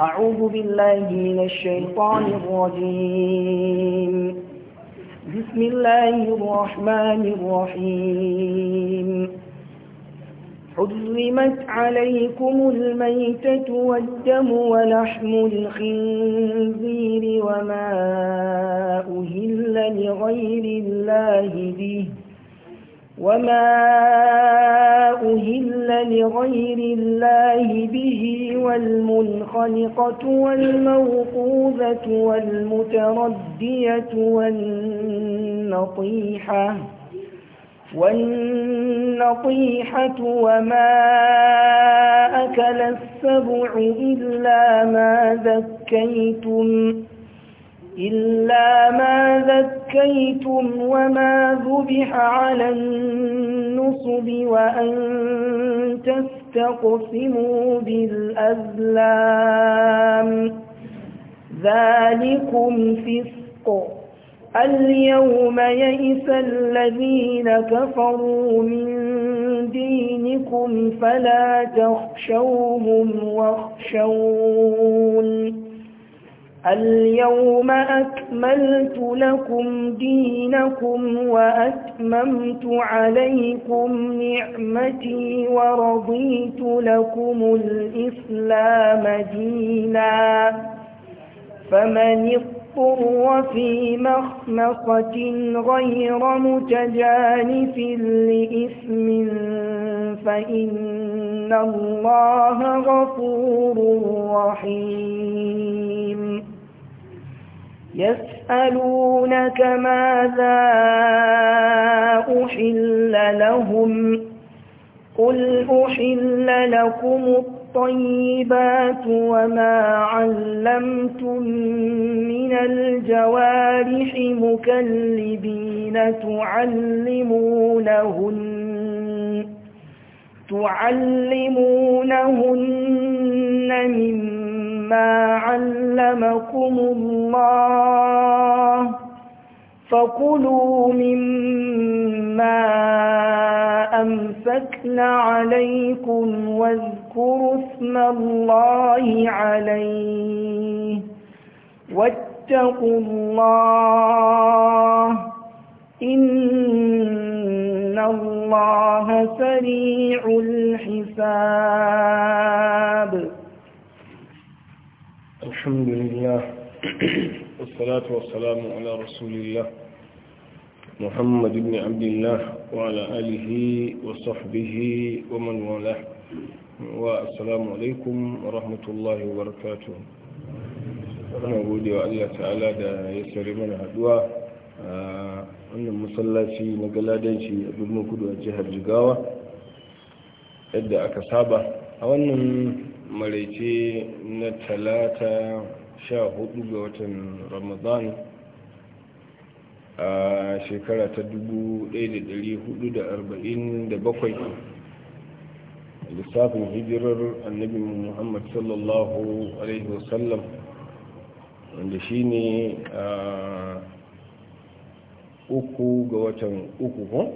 أعوذ بالله من الشيطان الرجيم بسم الله الرحمن الرحيم حرمت عليكم الميتة والدم ولحم الخنزير وما أهل لغير الله به وما أهل لغير الله به والمنخنقة والموقوذة والمتردية والنطيحة والنطيحة وما أكل السبع إلا ما ذكيتم إلا ما ذكيتم وما ذبح على النصب وأن تستقسموا بالأزلام ذلكم فسق اليوم يئس الذين كفروا من دينكم فلا تخشوهم واخشون اليوم أكملت لكم دينكم وأتممت عليكم نعمتي ورضيت لكم الإسلام دينا فمن اضطر في مخمصة غير متجانف لإثم فإن الله غفور رحيم يسألونك ماذا أحل لهم قل أحل لكم الطيبات وما علمتم من الجوارح مكلبين تعلمونهن تعلمونهن مما مما علمكم الله فكلوا مما أَمْسَكْنَا عليكم واذكروا اسم الله عليه واتقوا الله إن الله سريع الحساب الحمد لله والصلاة والسلام على رسول الله محمد بن عبد الله وعلى آله وصحبه ومن والاه والسلام عليكم ورحمة الله وبركاته أنا أقول الله تعالى دا يسر من هدوى wannan masallaci na galadanci a birnin kudu a jihar jigawa yadda aka saba a wannan maraice na talata sha hudu ga watan ramadan a shekara ta 1447 lissafin hijirar annabi muhammad sallallahu alaihi wasallam wanda shi ne a uku ga watan uku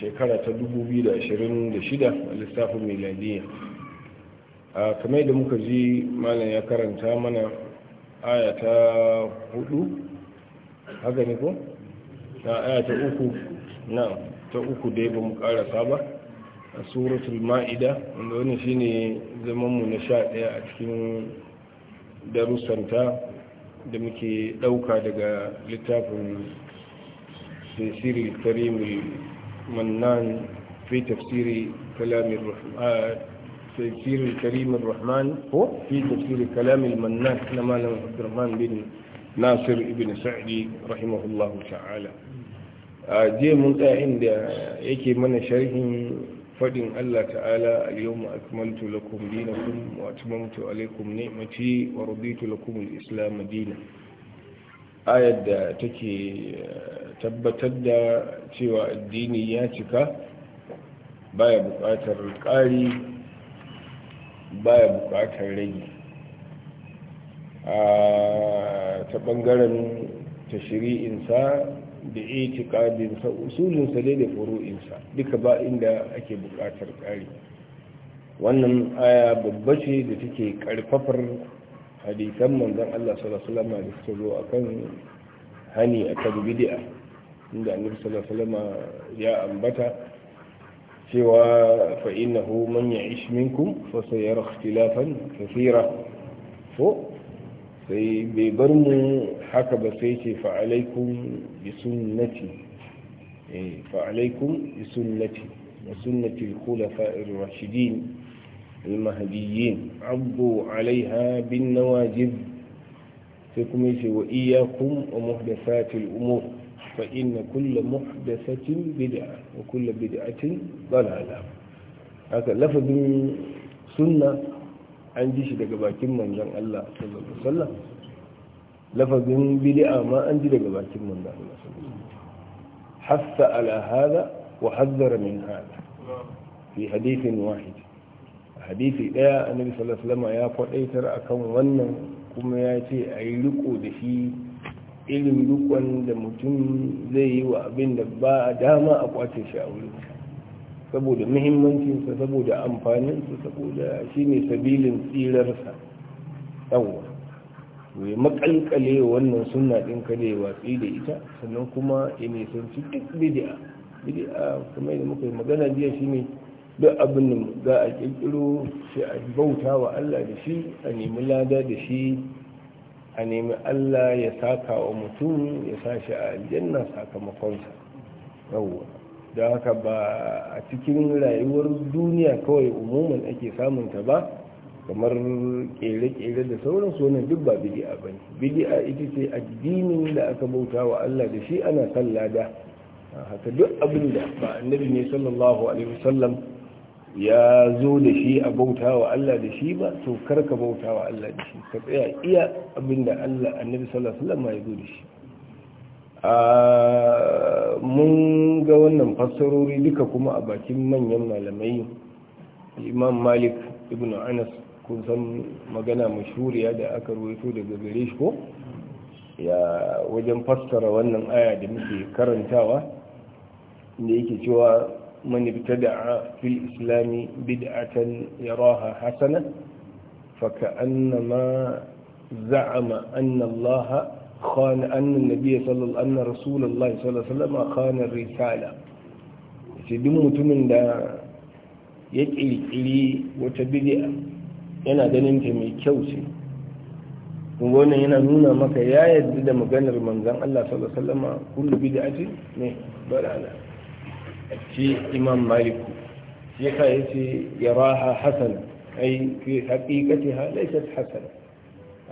shekara ta shida, a lissafin miladiyya kamar da muka ji malam ya karanta mana aya ta hudu haka ne ko? na aya ta uku na ta uku dai ba mu karasa ba a suratul ma'ida wanda wani shine zamanmu na sha daya a cikin darussanta da muke dauka daga littafin tafsiri karimul mannan fi tafsiri kalamin rahman تفسير الكريم الرحمن هو في تفسير كلام المنان لما عبد الرحمن بن ناصر ابن سعدي رحمه الله تعالى je mun tsaya inda yake mana sharhin fadin Allah ta'ala al-yawma akmaltu lakum dinakum wa atmamtu alaykum ni'mati wa raditu lakum al-islam dinan ayar da take tabbatar da cewa addini ya cika baya buƙatar ƙari baya bukatar rage a ta bangaren tashiri'insa da itikadinsa usulinsa dai da furu'insa duka ba inda ake bukatar ƙari wannan aya babba ce da take karfafar hadisan manzon Allah sallallahu alaihi wasallam da suka zo akan hani a kan bid'a inda annabi sallallahu alaihi wasallam ya ambata سوى فإنه من يعيش منكم فسيرى اختلافا كثيرا فو في بيبرمو حكى بسيتي فعليكم بسنتي إيه، فعليكم بسنتي وسنة الخلفاء الراشدين المهديين عضوا عليها بالنواجذ فيكم وإياكم ومحدثات الأمور فإن كل محدثة بدعة وكل بدعة ضلالة هذا لفظ سنة an ji shi daga bakin manzon Allah sallallahu alaihi wasallam lafazin bid'a ma an ji daga bakin manzon Allah sallallahu alaihi wasallam hassa wa hazzara min hada fi wahid hadisi daya annabi sallallahu alaihi wasallam ya kwadaitar akan wannan kuma ya ce ayi riko da shi irin duk wanda mutum zai yi wa abin da ba a dama a kwace shi a wurin saboda muhimmancinsa saboda amfaninsa saboda shi ne sabilin tsirarsa yawwa mai makalkale wannan suna ɗin kada ya watsi da ita sannan kuma ya nisanci duk bidi'a bidi'a kuma da muka yi magana jiya shi ne duk abin da za a kirkiro shi a bauta wa allah da shi a nemi lada da shi a nemi Allah ya saka wa mutum ya sa shi a aljanna sakamakonsa yawwa da haka ba a cikin rayuwar duniya kawai umuman ake samunta ba kamar kere-kere da sauran sunan duk ba bidi'a ba ne bidi'a ita ce addinin da aka bauta wa Allah da shi ana sallada haka duk abin da ba annabi ne sallallahu alaihi wasallam ya zo da shi a bauta wa Allah da shi ba to karka bauta wa Allah da shi ka tsaya iya abinda Allah annabi sallallahu alaihi wasallam ya zo da shi a mun ga wannan fassarori duka kuma a bakin manyan malamai Imam Malik ibn Anas kun san magana mashhuriya da aka ruwaito daga gare shi ko ya wajen fassara wannan aya da muke karantawa da yake cewa من ابتدع في الإسلام بدعة يراها حسنة فكأنما زعم أن الله خان أن النبي صلى أن رسول الله صلى الله عليه وسلم خان الرسالة سيدم متمن دا يكيل إلي وتبدع yana ganin ta mai kyau ce wannan yana nuna maka ya yadda da maganar manzan Allah sallallahu alaihi wasallam kullu bid'atin ne balala shi imam maliku shi ka yace yaraha hasan ai fi haqiqatiha laysat hasana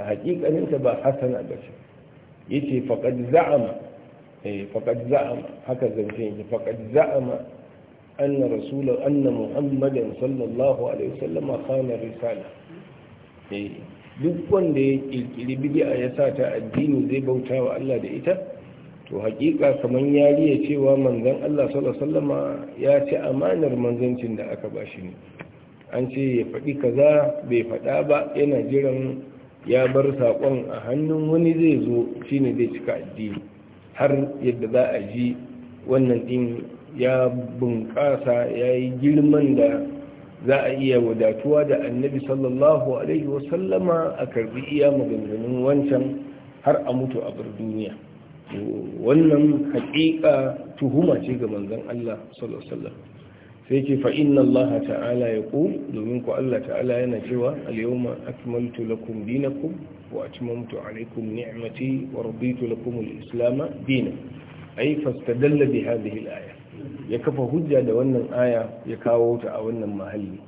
a hakikaninta ba hasana ba ce yace faqad za'ama eh faqad za'ama haka zance yake faqad za'ama anna rasul anna muhammadan sallallahu alaihi sallam a khana risala eh duk wanda ya kirkiri bid'a ya sa ta addini zai bauta wa Allah da ita to hakika kamar yariya cewa manzon Allah sallallahu alaihi ya ci amanar manzancin da aka bashi ne an ce ya faɗi kaza bai faɗa ba yana jiran ya bar saƙon a hannun wani zai zo shine zai cika addini har yadda za a ji wannan din ya bunƙasa ya yi girman da za a iya wadatuwa da annabi sallallahu alaihi wasallama a karbi iya maganganun wancan har a mutu a bar duniya wannan haƙiƙa tuhuma ce ga manzon Allah sallallahu sai ce fa Allah ta'ala ya ku domin ku Allah ta'ala yana cewa al-yawma lakum dinakum wa atmamtu alaikum ni'amati wa raditu lakum dina islam dinan ay dalla bi hadhihi aya ya kafa hujja da wannan aya ya kawo ta a wannan mahalli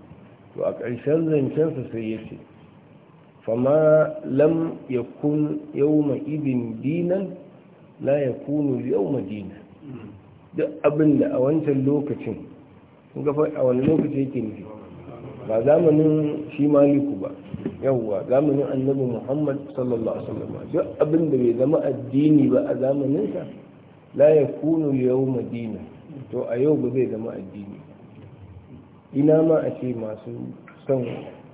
to a ƙarshen zancensa sai ya ce fama lam ya kun yawma idin dinan la ya al yau madina duk abin da a wancan lokacin sun gafa a wani lokaci yake nufi ba zamanin shi maliku ba yawwa zamanin annabi muhammad sallallahu alaihi wasallam duk abin da bai zama addini ba a zamaninsa la ya al yau madina to a yau ba zai zama addini ina ma a ce masu son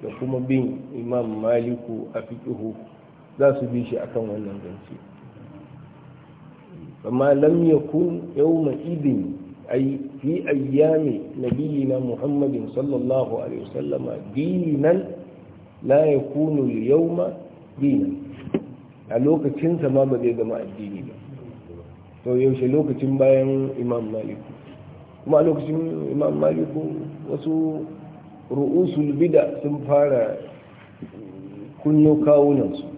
da kuma bin imam maliku a fiƙihu za su bi shi akan wannan zance amma lam yakun yawma idin ay fi ayyami nabiyina muhammadin sallallahu alaihi wasallam dinan la yakunu al-yawma dinan a lokacin ma ba zai zama addini ba yaushe lokacin bayan imam maliku kuma a lokacin imam maliku wasu ru'usul bida sun fara kunyo kawunansu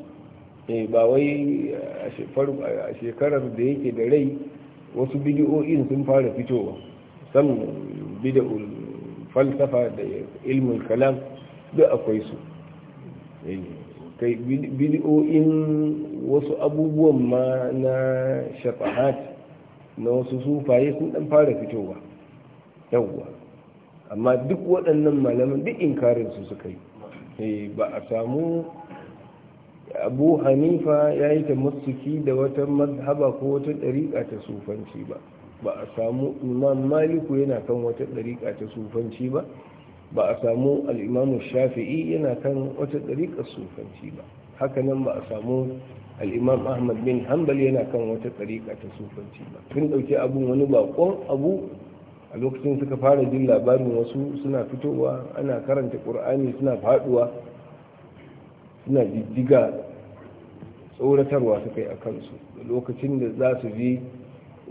eh ba wai a shekarar da yake da rai wasu bidiyoyin sun fara fitowa san bidiyoyin falsafa da ilmin kalam duk akwai su eh, bidiyo'in wasu abubuwan ma na shafahat na wasu sufaye sun dan fara fitowa yawwa amma duk waɗannan malaman duk inkarin su suka yi eh, ba a samu abu hanifa ya yi ta masuki da wata mazhaba ko wata ɗariƙa ta sufanci ba ba a samu imam maliku yana kan wata ɗariƙa ta sufanci ba ba a samu al'imamu shafi'i yana kan wata ta sufanci ba hakanan ba a samu al'imam ahmad bin hanbal yana kan wata ɗariƙa ta sufanci ba tun ɗauki abu wani baƙon abu a lokacin suka fara jin labarin wasu suna fitowa ana karanta ƙur'ani suna faɗuwa suna diddiga tsoratarwa suka yi a kansu lokacin da za su je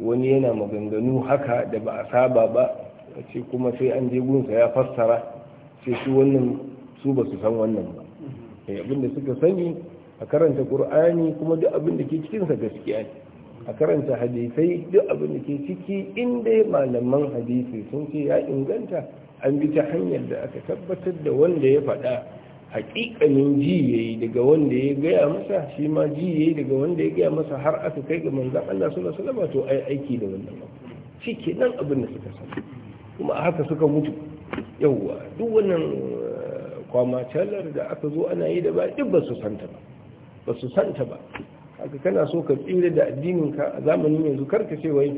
wani yana maganganu haka da ba a saba ba a ce kuma sai an je gunsa ya fassara sai su wannan su ba su san wannan ba eh, abinda suka sani a karanta ƙur'ani kuma duk abinda ke cikinsa gaskiya ne a karanta hadisai duk abinda ke ciki inda malaman hadisi sun ce ya inganta an bi ta hanyar da aka tabbatar da wanda ya faɗa haƙiƙanin ji yi daga wanda ya gaya masa shi ma ji yi daga wanda ya gaya masa har aka kai ga manzan Allah suna salama to ai aiki da wannan ba shi ke nan abin da suka san kuma a haka suka mutu yawwa duk wannan eh, kwama calar da aka zo ana yi da ba duk ba su santa ba ba su santa ba haka kana so ka tsira da addininka a zamanin yanzu karka ce wai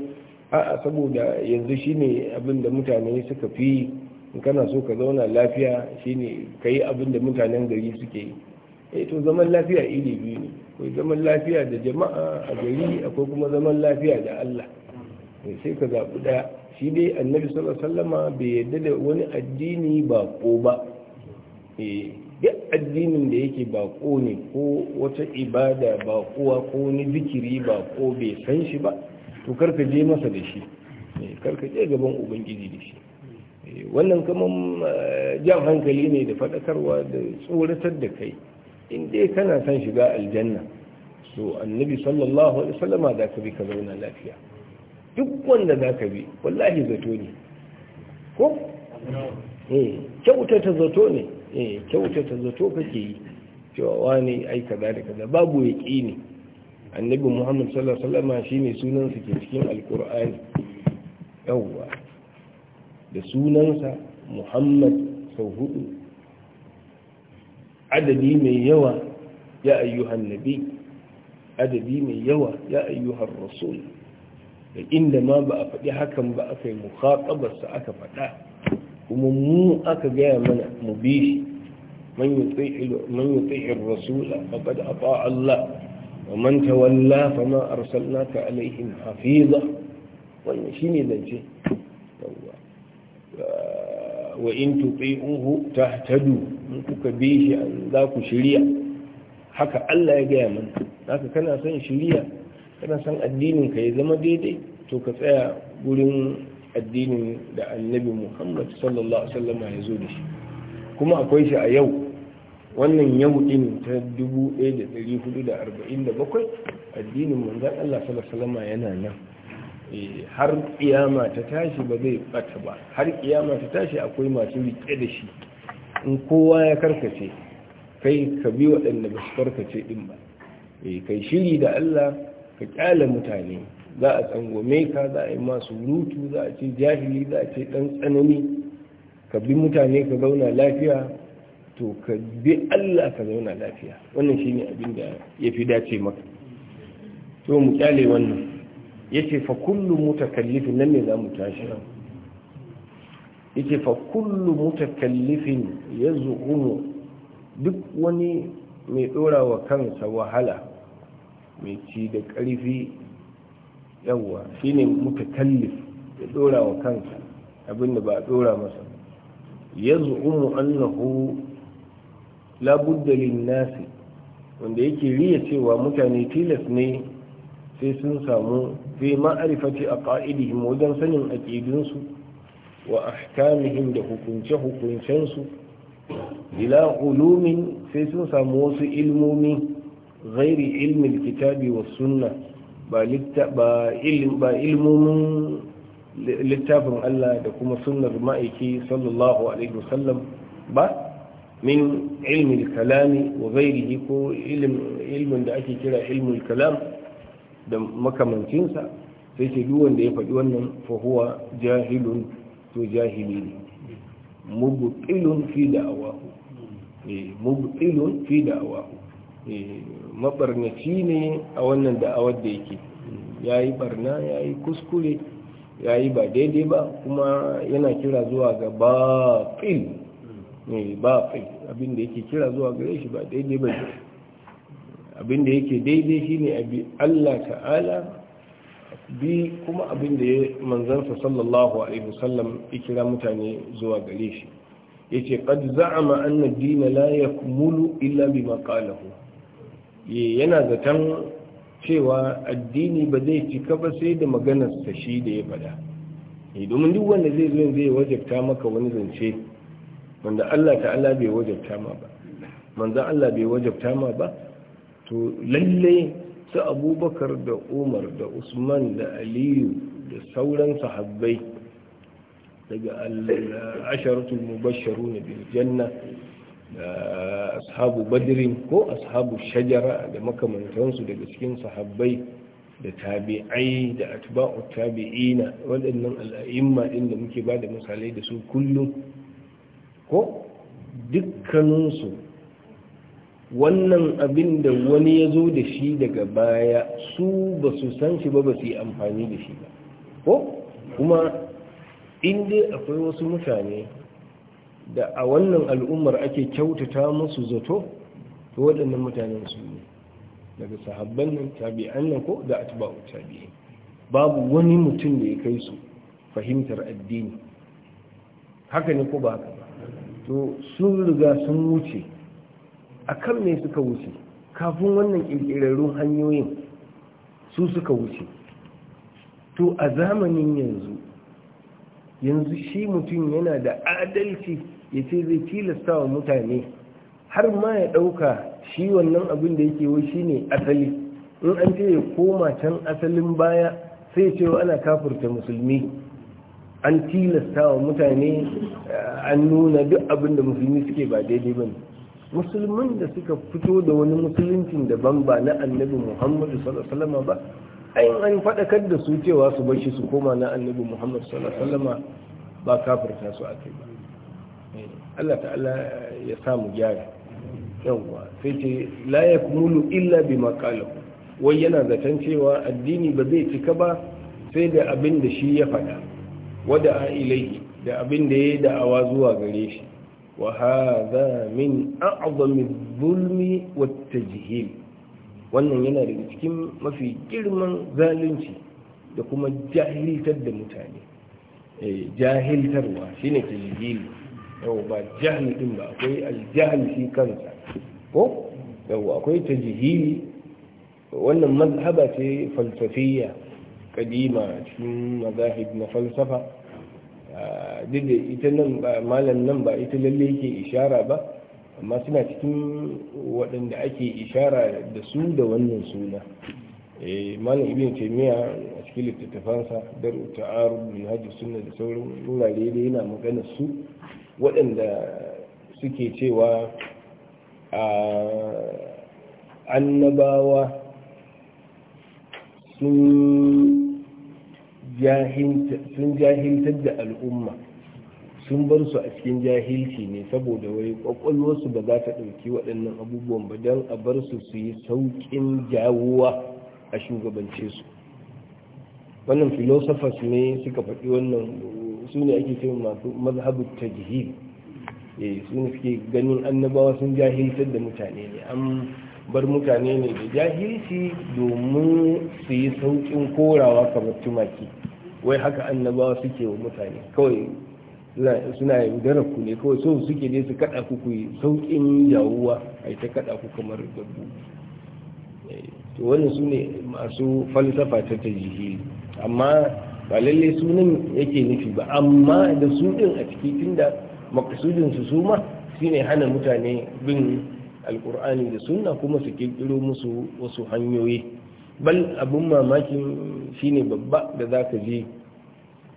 a'a saboda yanzu shine abin da mutane suka fi in kana so ka zauna lafiya shine ka yi abin da mutanen gari suke yi eh to zaman lafiya iri biyu ne akwai zaman lafiya da jama'a a gari akwai kuma zaman lafiya da Allah eh, sai ka zaɓi ɗaya shi dai annabi sallallahu alaihi bai yadda da wani addini ba eh, ko ba addinin da yake ko ne ko wata ibada bakowa ko wani zikiri ko bai san shi ba to karka je masa da shi eh, karka je gaban ubangiji da shi Eh, wannan kuma eh, jan hankali ne da faɗakarwa da tsoratar da kai in dai kana son shiga aljanna so annabi sallallahu alaihi wasallama za ka bi ka zauna lafiya duk wanda za ka bi wallahi zato ne ko eh kyautata zato ne eh ta zato kake yi cewa wani ai kaza da kaza babu ne annabi muhammad sallallahu alaihi wasallama shine sunan sa ke cikin alƙur'ani. yawwa da sunansa muhammad sau hudu adadi mai yawa ya ayyuhan nabi adadi mai yawa ya ayyuhan rasul da inda ma ba a faɗi hakan ba aka yi mukhaqabarsa aka faɗa kuma mu aka gaya mana mu bi shi man yuti'ir rasula faqad ata'a Allah wa man tawalla fama arsalnaka alaihim hafiza wannan shine zance yawwa wa in tuti'uhu tahtadu in kuka bi shi za ku shirya haka Allah ya gaya mana haka kana son shirya kana son addinin ka ya zama daidai to ka tsaya gurin addinin da annabi Muhammad sallallahu alaihi wasallam ya zo da shi kuma akwai shi a yau wannan yau din ta 1447 addinin manzon Allah sallallahu alaihi wasallam yana nan Eh, har kiyama ta tashi ba zai bata ba har kiyama ta tashi akwai masu rike da shi in kowa ya karkace kai ka bi waɗanda ba su karkace din ba eh, kai shiri da Allah ka kyale mutane za a tsangome ka za a yi masu rutu za a ce jahili za a ce ɗan tsanani ka bi mutane ka zauna lafiya to ka bi Allah ka zauna lafiya wannan shine abin da ya fi dace maka to mu kyale wannan yace fa kullu mutakallifin nan ne za mu tashi yace fa kullu mutakallifin yaz'umu duk wani mai dora wa kansa wahala mai ci da ƙarfi yawa shine mutakallif ya dora wa kansa abinda ba a dora masa yaz'umu annahu la budda lin nasi wanda yake riya cewa mutane tilas ne sai sun samu fi ma'arifati a ƙa'idihim wajen sanin aƙidunsu wa ahkamihim da hukunce-hukuncensu bila ulumin sai sun samu wasu ilmomi ghairi ilmin kitabi wa sunna ba ilmomin littafin Allah da kuma sunnar ma'aiki sallallahu alaihi wasallam ba min ilmin kalami wa ghairihi ko ilmin da ake kira ilmin kalam da makamancinsa sai ce duk wanda ya faɗi wannan fahuwa jahilun to jahili ne mubtilun fi da'awahu eh, mubtilun fi da'awahu eh, mabarnaci ne a wannan da'awar da yake yayi barna yayi kuskure yayi ba daidai ba kuma yana kira zuwa ga batil ne eh, batil abinda yake kira zuwa gare shi ba daidai ba abinda yake daidai shi shine abi Allah ta'ala bi kuma abinda ya manzansa sallallahu alaihi wasallam ikira mutane zuwa gare shi yace qad za'ama anna ad dina la yakmulu illa bima qalahu yana zaton cewa addini ba zai cika ba sai da maganar shi da ya fada domin duk wanda zai zo zai wajabta maka wani zance wanda Allah ta'ala bai wajabta ma ba manzan Allah bai wajabta ma ba to lalle su abubakar da umar da usman da aliyu da sauran sahabbai daga mu mubasharu na birjanna da ashabu badirin ko ashabu shajara da makamantansu daga cikin sahabbai da tabi'ai da atba'u tabi'ina waɗannan al'a'imma ɗin da muke ba da misalai da su kullum ko dukkaninsu wannan abin da wani ya zo da shi daga baya su ba su san shi ba ba su yi amfani da shi ba ko kuma inda akwai wasu mutane da a wannan al'ummar ake kyautata musu zato to waɗannan mutanen su ne daga sahabban nan tabi'an nan ko da atba'u tabi'in babu wani mutum da ya kai su fahimtar addini haka ne ko ba haka to sun riga sun wuce A kan me suka wuce kafin wannan ƙirƙirarrun hanyoyin su suka wuce to a zamanin yanzu yanzu shi mutum yana da adalci ya ce zai tilasta wa mutane har ma ya ɗauka shi wannan abin da yake wai shine asali in an ce ya koma can asalin baya sai ce ana kafurta musulmi an tilasta wa mutane eh, an nuna duk abin da musulmi suke ba daidai ba ne musulman da suka fito da wani musuluncin daban ba na annabi muhammadu sallallahu ba ayin an faɗakar da su cewa su bashi su koma na annabi muhammadu sallallahu ba kafirta su a kai ba Allah ta'ala ya samu gyara yawwa sai ce la kumulu illa bi qala wai yana zaton cewa addini ba zai cika ba sai da abin da shi ya faɗa wada ilai da abin da ya yi da'awa zuwa gare shi وهذا من أعظم الظلم والتجهيل wannan yana daga cikin mafi girman zalunci da kuma jahiltar da mutane jahiltarwa shine jihili? yau ba jahilin ba akwai aljahil shi kansa ko yau akwai jihili? wannan mazhaba ce falsafiyya kadima cikin mazahib na falsafa duk da ita nan malam nan ba ita lalle yake ishara ba amma suna cikin waɗanda ake ishara da su da wannan suna eh, malam ibn taymiya a cikin littattafansa dar taaru min hajji sunna da sauran wurare da yana magana su waɗanda suke cewa annabawa sun sun jahiltar da al'umma sun bar su a cikin jahilci ne saboda wai kwakwalwarsu ba za ta ɗauki waɗannan abubuwan ba don a bar su su yi sauƙin jawowa a shugabance su wannan philosophers ne suka faɗi wannan su ne ake cewa masu mazhabu ta jihil eh, su ne suke ganin annabawa sun jahiltar da mutane ne bar mutane ne da jahilci domin su yi saukin korawa kamar tumaki wai haka annabawa suke wa mutane kawai suna yaudarar ku ne kawai so suke ne su kada ku yi saukin yawuwa a ta kada ku kamar dabbobi eh, to wani su ne masu falsafa ta tajihili amma ba lalle sunan yake nufi ba amma da su din a ciki tunda makasudin su su ma shine hana mutane bin alkur'ani da suna kuma su kirkiro musu wasu hanyoyi bal abin mamakin shine babba da za ka je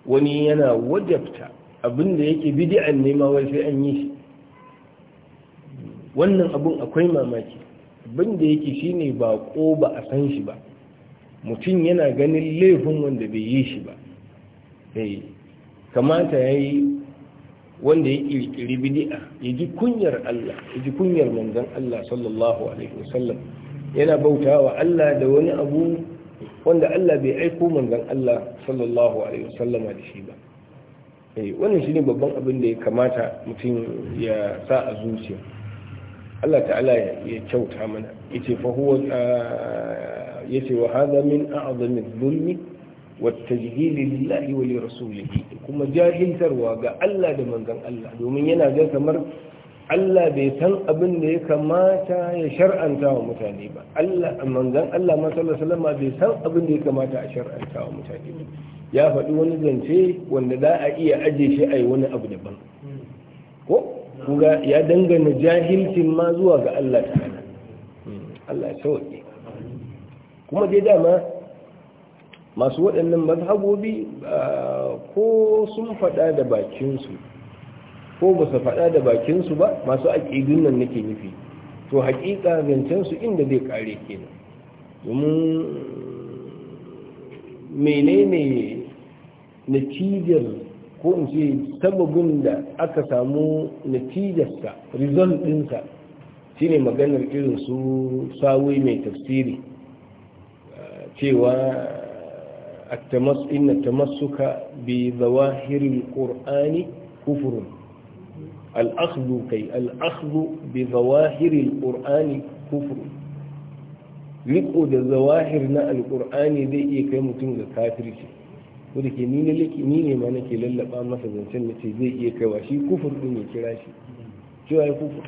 wani yana wajabta abin da yake bidi'an nema wai sai an yi shi wannan abin akwai mamaki abin da yake shine ba ko ba a san shi ba mutum yana ganin laifin wanda bai yi shi ba eh, kamata ya yi wanda ya kirkiri bidi'a ya ji kunyar Allah ya ji kunyar manzon Allah sallallahu alaihi wasallam yana bautawa Allah da wani abu wanda Allah bai aiko manzon Allah sallallahu alaihi wasallam da shi ba eh wannan shine babban abin da ya kamata mutum ya sa a zuciya Allah ta'ala ya kyauta mana yace fa huwa ah, yace wa hadha min a'zami dhulmi والتجهيل لله ولرسوله كما Kuma jahiltarwa ga Allah da manzon Allah domin yana ga kamar Allah bai san abin da ya kamata ya shar'anta wa mutane ba Allah manzon Allah ma sallallahu alaihi bai san abin da ya kamata a shar'anta wa mutane ba ya faɗi wani zance wanda za a iya aje shi a yi wani abu daban ko kuga ya dangana jahilcin ma zuwa ga Allah ta'ala Allah ya sauke kuma dai dama masu waɗannan mazhabobi ko sun faɗa da bakinsu ko ba su faɗa da bakinsu ba masu aƙidun nan nake nufi to haƙiƙa zancensu inda zai ƙare kenan domin menene natijar ko in ce sababin da aka samu natijarsa result ɗinsa shine maganar irin su sawi mai tafsiri cewa إن التمسك بظواهر القرآن كفر الأخذ كي الأخذ بظواهر القرآن كفر riko da zawahir na alkur'ani zai iya kai mutum ga kafirci ko da ke ni ne ni ne ma nake masa zancen na zai iya kaiwa shi kufur din ya kira shi cewa ya kufur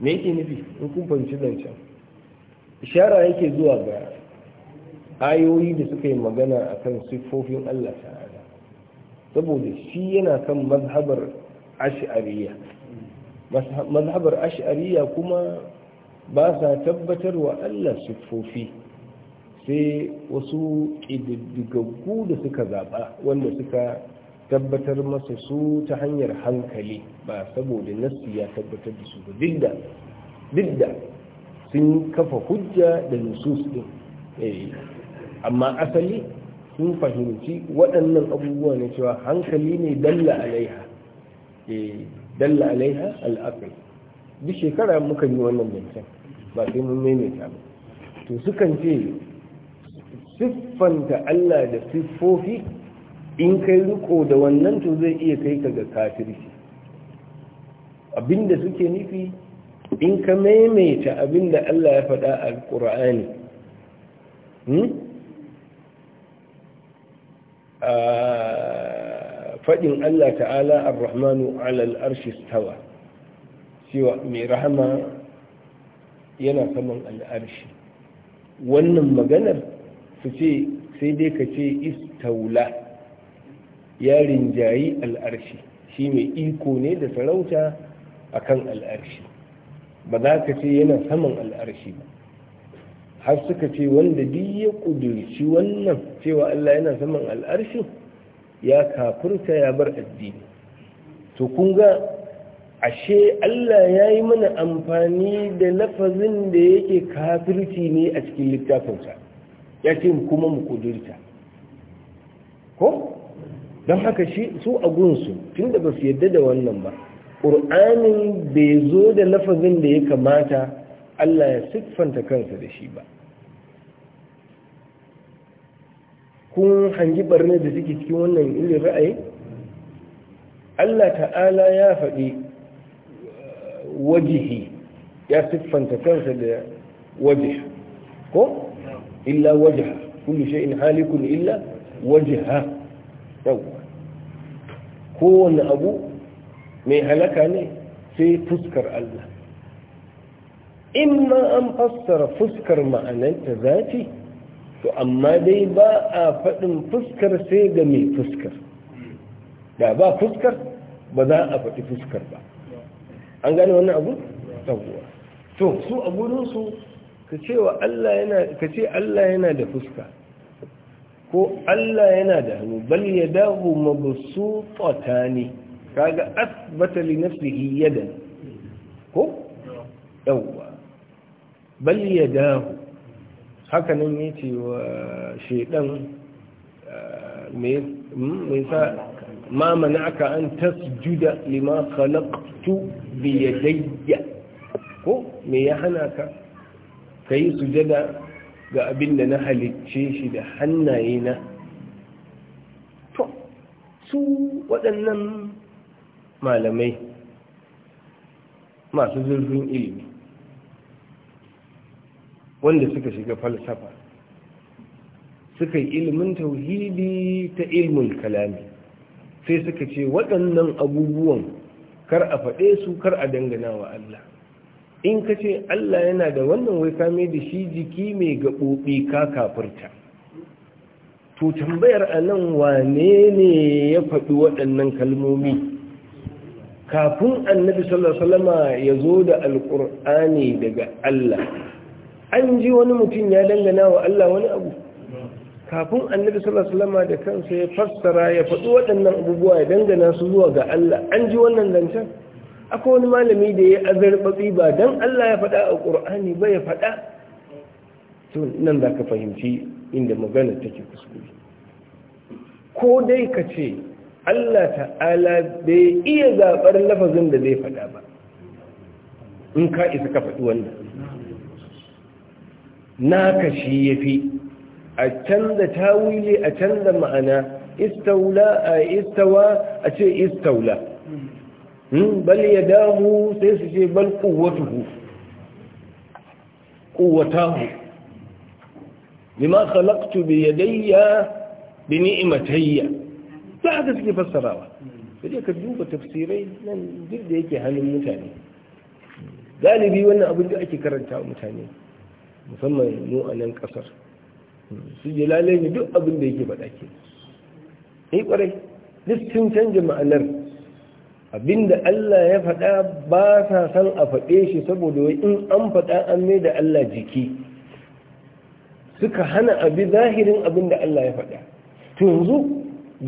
me yake nufi in kun fahimci zancen ishara yake zuwa ga ayoyi da suka yi magana a kan siffofin Allah ta'ala saboda shi yana kan mazhabar ash'ariya mazhabar ash'ariya kuma ba sa tabbatar wa Allah siffofi sai wasu ƙididdigaggu da suka zaɓa wanda suka tabbatar masa su ta hanyar hankali ba saboda nassi ya tabbatar da su ba duk da sun kafa hujja da nusus din eh, amma asali sun fahimci waɗannan abubuwa ne cewa hankali ne dalla alaiha eh, dalla alaiha al'aql duk shekara muka yi wannan bincin ba sai mun maimaita ba to sukan ce siffanta Allah da siffofi in kai riko da wannan to zai iya kai ka ga kafirci abinda suke nufi in ka maimaita abinda Allah ya faɗa a Qur'ani hmm? faɗin Allah ta'ala ar-rahmanu alal arshi stawa cewa mai rahama yana saman al'arshi wannan maganar su ce sai dai ka ce istaula ya rinjayi al'arshi shi mai iko ne da sarauta akan al'arshi ba za ka ce yana saman al'arshi ba har suka ce wanda duk ya ƙudurci wannan cewa Allah yana saman al'arshi ya kafirta ya bar addini to kun ga ashe Allah ya yi mana amfani da lafazin da yake kafirci ne a cikin littafinsa ya ce kuma mu ƙudurta ko don haka shi su a gunsu tunda ba su yadda da wannan ba ƙur'anin bai zo da lafazin da ya kamata Allah ya siffanta kansa da shi ba kun hangi barna da suke cikin wannan irin ra'ayi Allah ta'ala ya faɗi uh, wajihi ya siffanta kansa da waje ko illa wajha kullu shay'in halikun illa wajha kowane abu mai halaka ne sai fuskar Allah in ma an fassara fuskar ma'ananta zafi to amma dai ba a faɗin fuskar sai ga mai fuskar da ba fuskar ba za a faɗi fuskar ba an gane wani abu? tsaguwa to su a gurinsu ka ce Allah yana da fuska ko Allah yana da hannu bal ya dahu mabasu tsota ne kaga asbata li nafsihi yadan ko yawwa bal yadahu haka nan yace wa shedan ah, me hmm, sa ma aka an tasjuda lima khalaqtu bi yadayya ko me ya hana ka kai sujada ga abin da na halicce shi da hannaye na to su waɗannan malamai masu zurfin ilimi wanda suka shiga falsafa suka yi ilimin tauhidi ta ilmin kalami sai suka ce waɗannan abubuwan kar a faɗe su kar a dangana wa Allah in ka ce Allah yana da wannan wai kame da shi jiki mai gaɓoɓi ka kafirta to tambayar a nan wane ne ya faɗi waɗannan kalmomi kafin annabi sallallahu alaihi wasallama ya zo da alƙur'ani daga Allah an ji wani mutum ya dangana wa Allah wani abu kafin annabi sallallahu alaihi wasallam da kansa ya fassara ya faɗi waɗannan abubuwa ya dangana su zuwa ga Allah an ji wannan zancen akwai wani malami da ya azarbatsi ba dan Allah ya faɗa a Qur'ani ba ya faɗa to nan za ka fahimci inda magana take kuskure ko dai ka ce Allah ta'ala bai iya zaɓar lafazin da zai faɗa ba in ka isa ka faɗi wannan naka shi fi. a canza tawili a canza ma'ana Istawla a istawa a ce istawla. Hmm, bal ya dahu sai su ce bal kuwatuhu kuwatahu lima khalaqtu bi yadayya bi ni'matayya Za haka suke fassarawa sai ka duba tafsirai nan duk da yake hannun mutane galibi wannan abin da ake karanta mutane musamman mu a nan kasar su je ne duk abin da yake faɗa ke ni eh, kwarai duk sun canja ma'anar da Allah ya faɗa ba sa san a faɗe shi saboda wai in an faɗa an mai da Allah jiki suka hana abi zahirin abin da Allah ya faɗa to yanzu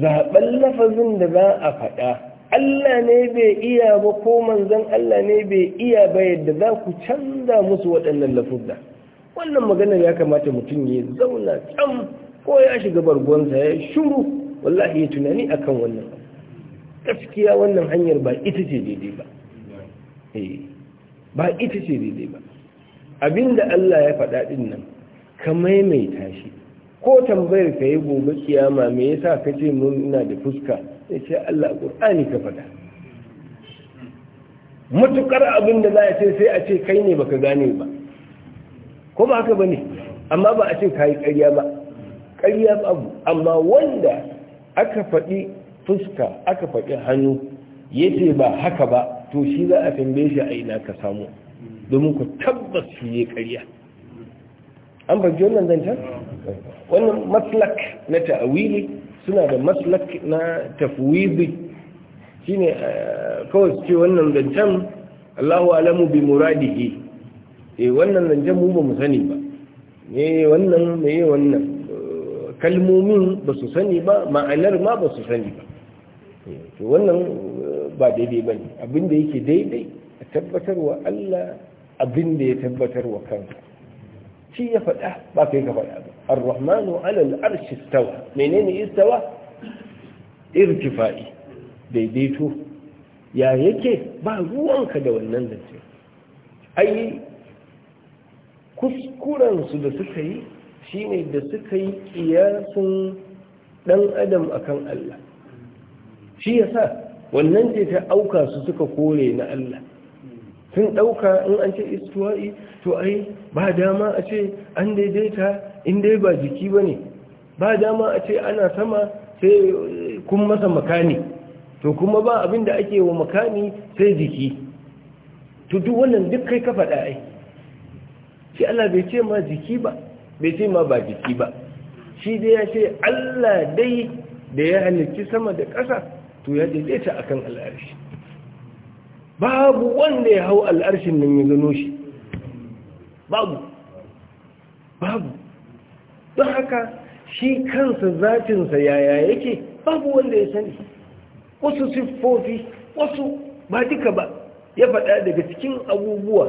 zaɓen lafazin da za a faɗa Allah ne bai iya ba ko manzon Allah ne bai iya ba yadda za ku canza musu waɗannan lafuzza wannan maganar ya kamata mutum ya zauna can ko ya shiga bargonsa ya shuru wallahi ya tunani akan wannan gaskiya wannan hanyar ba ita ce daidai ba eh, ba ita ce daidai ba abinda Allah ya faɗa ɗin nan ka maimaita shi ko tambayar ka yi gobe kiyama me yasa ka ce mun ina da fuska ya ce Allah ƙur'ani ka faɗa matukar abinda da za a ce sai a ce kai ne baka gane ba ko ba haka bane amma ba a ce kai ƙarya ba ƙarya babu amma wanda aka faɗi fuska aka faɗi hannu yace ba haka ba to shi za a tambaye shi a ina ka samu domin ku tabbas shi ne ƙarya an fahimci wannan zancen wannan maslak na ta'awili suna da maslak na tafwizi shine eh, kawai ce wannan zancen Allahu alamu bi muradihi E wannan zancen mu ba mu sani ba me wannan me wannan kalmomin ba su sani ba ma'anar ma ba su sani ba eh, to wannan eh, ba daidai ba ne abinda yake daidai a tabbatarwa Allah abinda ya tabbatarwa kansa shi ya faɗa ba kai ka faɗa ba ar-rahmanu ala al-arshi istawa menene istawa irtifa'i daidaito ya yake ba ruwanka da wannan zance ai kuskurensu da suka yi shine da suka yi kiyasun ɗan adam akan Allah shi yasa wannan ce ta auka su suka kore na Allah sun ɗauka in an ce istuwa'i to ai ba dama a ce an daidaita in dai ba jiki ba ne ba dama a ce ana sama sai kun masa makani to kuma ba abin da ake wa makani sai jiki to duk wannan duk kai ka faɗa ai shi Allah bai ce ma jiki ba bai ce ma ba jiki ba shi dai ya ce Allah dai da ya halicci sama da ƙasa to ya ta akan al'arshi babu wanda ya hau al'arshin nan ya gano shi babu babu don haka shi kansa zatinsa yaya yake babu wanda ya sani wasu siffofi wasu ba duka ba ya faɗa daga cikin abubuwa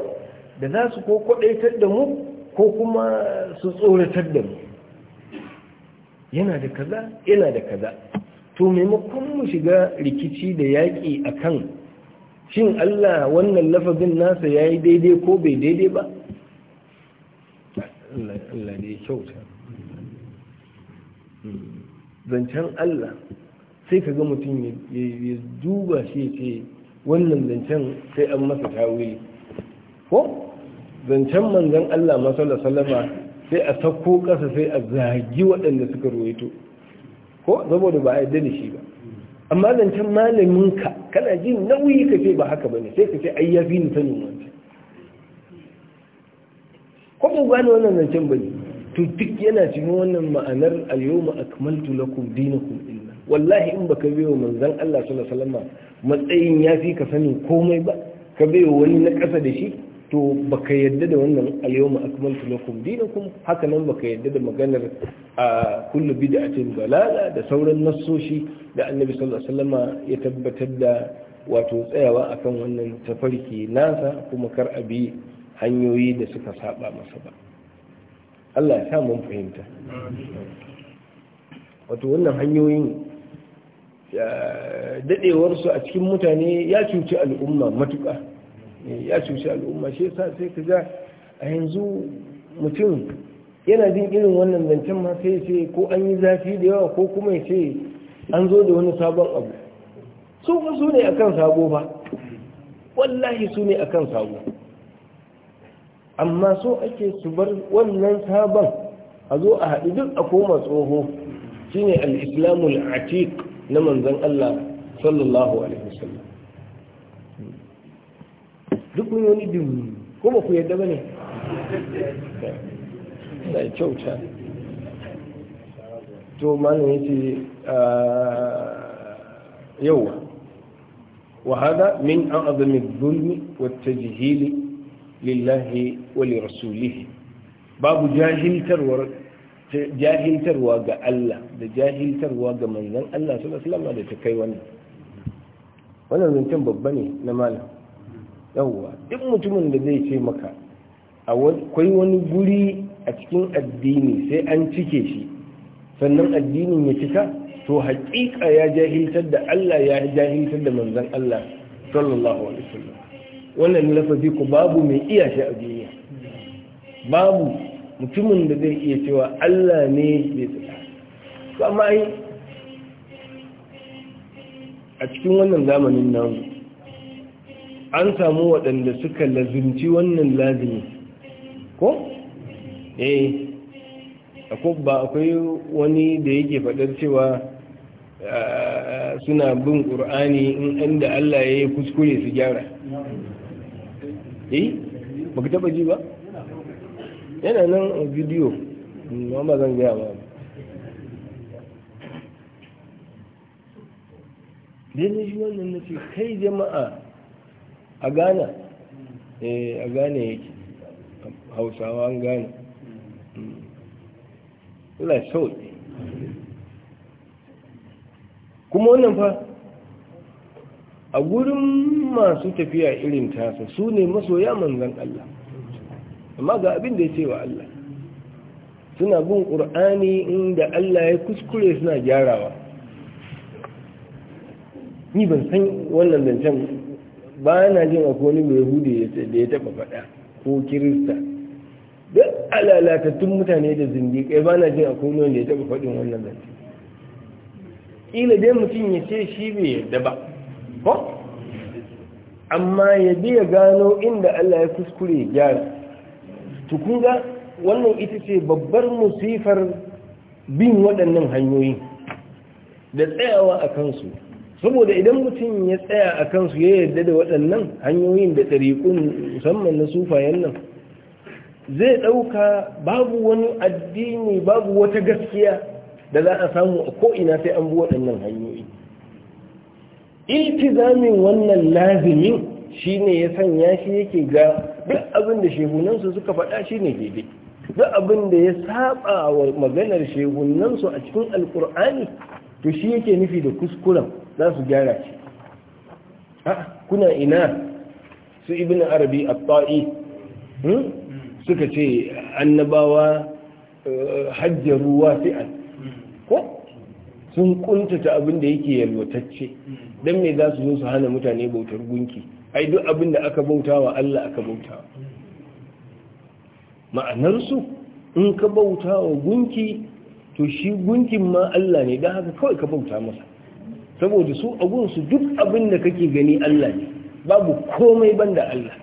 da za su ko kwadaitar da mu ko kuma su tsoratar da mu yana da kaza yana da kaza to maimakon mu shiga rikici da yaƙi a kan shin Allah wannan lafazin nasa ya yi daidai ko bai daidai ba Allah ne kyauta zancen Allah sai ka ga mutum ya duba shi ce wannan zancen sai an masa tawili ko zancen manzan Allah masallar salama sai a sako ƙasa sai a zagi waɗanda suka ruwaito ko saboda ba a yadda da shi ba amma zancen malaminka kana jin nauyi ka ce ba haka ba ne sai ka ce ai ya fi ni sanin wancan ko ba gane wannan zancen ba ne to duk yana cikin wannan ma'anar al-yawma akmaltu lakum dinakum illa wallahi in baka biyo manzon Allah sallallahu alaihi wasallam matsayin fi ka sanin komai ba ka biyo wani na ƙasa da shi to baka yadda da wannan alyawma akmaltu lakum dinakum haka nan baka yadda da maganar a kullu bid'atin dalala da sauran nassoshi da annabi sallallahu alaihi wasallama ya tabbatar da wato tsayawa akan wannan tafarki nasa kuma kar a bi hanyoyi da suka saba masa ba Allah ya sa mun fahimta wato wannan hanyoyin su a cikin mutane ya cuci al'umma matuƙa ya cuci al'umma shi yasa sai ka ga a yanzu mutum yana jin irin wannan zancen ma sai ce ko an yi zafi da yawa ko kuma ya ce an zo da wani sabon abu su ba su ne akan sabo ba wallahi su ne akan sabo amma so ake su bar wannan sabon a zo a haɗu duk a koma tsoho shine al-islamul atiq na manzon Allah sallallahu alaihi wasallam kun wani dumi ko ba ku yadda ba ne da kyauta to mana ya ah, wa hada min an azami zulmi wata jihili lillahi wali rasulihi babu jahiltarwa ga Allah da jahiltarwa ga manzan Allah su da da ta kai wani wannan zancen babba ne na malam yawwa duk mutumin da zai ce maka akwai wani guri a cikin addini sai an cike shi sannan addinin ya cika to haƙiƙa ya jahiltar da Allah ya jahiltar da manzon Allah sallallahu alaihi wasallam wannan lafazi ku babu mai iya shi a duniya babu mutumin da zai iya cewa Allah ne bai tsaya to amma a cikin wannan zamanin namu an samu waɗanda suka lazimci wannan lazimi ko? eh ba akwai wani da yake faɗar cewa suna bin ƙur'ani in inda Allah ya yi kuskure su gyara eh ba ka taɓa ji ba? yana nan a bidiyo ba zan gaya ba daidai shi wannan na ce kai jama'a a ghana eh a ghana yake hausawa an ghana Allah hmm. sauki kuma wannan fa a gurin masu tafiya irin tasa su ne masoya manzan Allah amma ga abin da ya ce wa Allah suna bin ƙur'ani inda Allah ya kuskure suna gyarawa ni ban san wannan zancen ba na jin akwai wani mai hudu da ya taba faɗa ko kirista duk alalatattun mutane da zindiƙai ba na jin akwai wani wanda ya taba fadin wannan zance ƙila dai mutum ya ce shi bai yarda ba ko amma ya bi ya gano inda Allah ya kuskure gyara. tukun ga wannan ita ce babbar musifar bin waɗannan hanyoyi da tsayawa a kansu saboda idan mutum ya tsaya a kansu ya yarda da waɗannan hanyoyin da ɗariƙun musamman na sufayen nan zai ɗauka babu wani addini babu wata gaskiya da za a samu a ko'ina sai an bi waɗannan hanyoyi iltizamin wannan lazimin shi ne ya sanya shi yake ga duk abin da shehunansu suka faɗa shi ne daidai duk abin da ya saba wa maganar shehunansu a cikin alkur'ani to shi yake nufi da kuskuren za su gyara shi kuna ina su ibn arabi a tai hmm? suka ce annabawa eh, Ruwa, wasi'an ko sun kuntata abin da yake yalwatacce don me za su zo su hana mutane bautar gunki ai duk abin da aka wa Allah aka wa? ma'anar su in ka bauta wa gunki to shi gunkin ma Allah ne don haka kawai ka bauta masa saboda su abun su duk abin da kake gani Allah ne babu komai banda Allah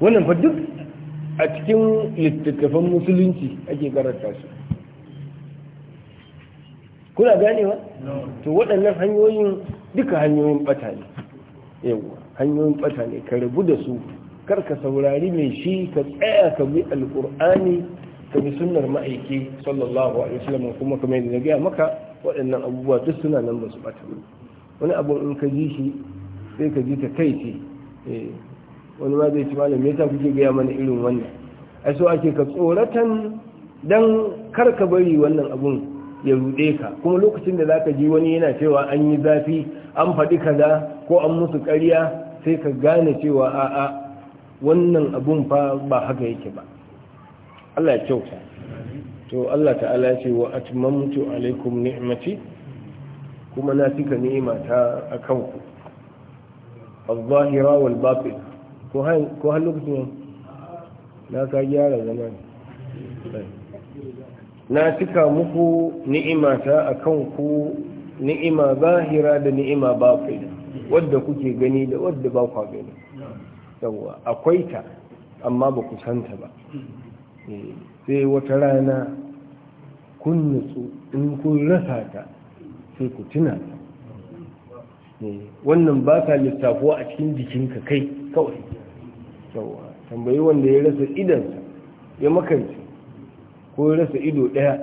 wannan fa duk a cikin littattafan musulunci ake karanta su kuna ganewa to waɗannan hanyoyin duka hanyoyin bata ne yawa hanyoyin bata ne ka rabu da su kar ka saurari mai shi ka tsaya ka bi alkur'ani ka bi sunnar ma'aiki sallallahu alaihi wasallam kuma kamar yadda na gaya maka waɗannan abubuwa duk suna nan ba su bata wani abu in ka ji shi sai ka ji ta kai ce eh, wani ma zai ci malam me yasa kuke gaya mana irin wannan ai so ake ka tsoratan dan kar ka bari wannan abun ya rude ka kuma lokacin da zaka ji wani yana cewa an yi zafi an faɗi kaza ko an musu ƙarya sai ka gane cewa a'a wannan abun fa ba haka yake ba Allah ya kyauta to Allah ta'ala ya ce wa atmamtu alaikum ni'mati kuma na cika ni'ima ta akan ku al-zahira wal batin ko har lokacin na ka gyara zaman na cika muku ni'ima ta akan ku ni'ima zahira da ni'ima batin wadda kuke gani da wadda ba ku gani yawa akwai ta amma ba ku santa ba sai wata rana kun nutsu in kun rasa ta sai ku tuna ta eh, wannan ba ka littafuwa a cikin jikinka kai kawai yawa tambayi wanda ya rasa idansa ya makance ko ya rasa ido ɗaya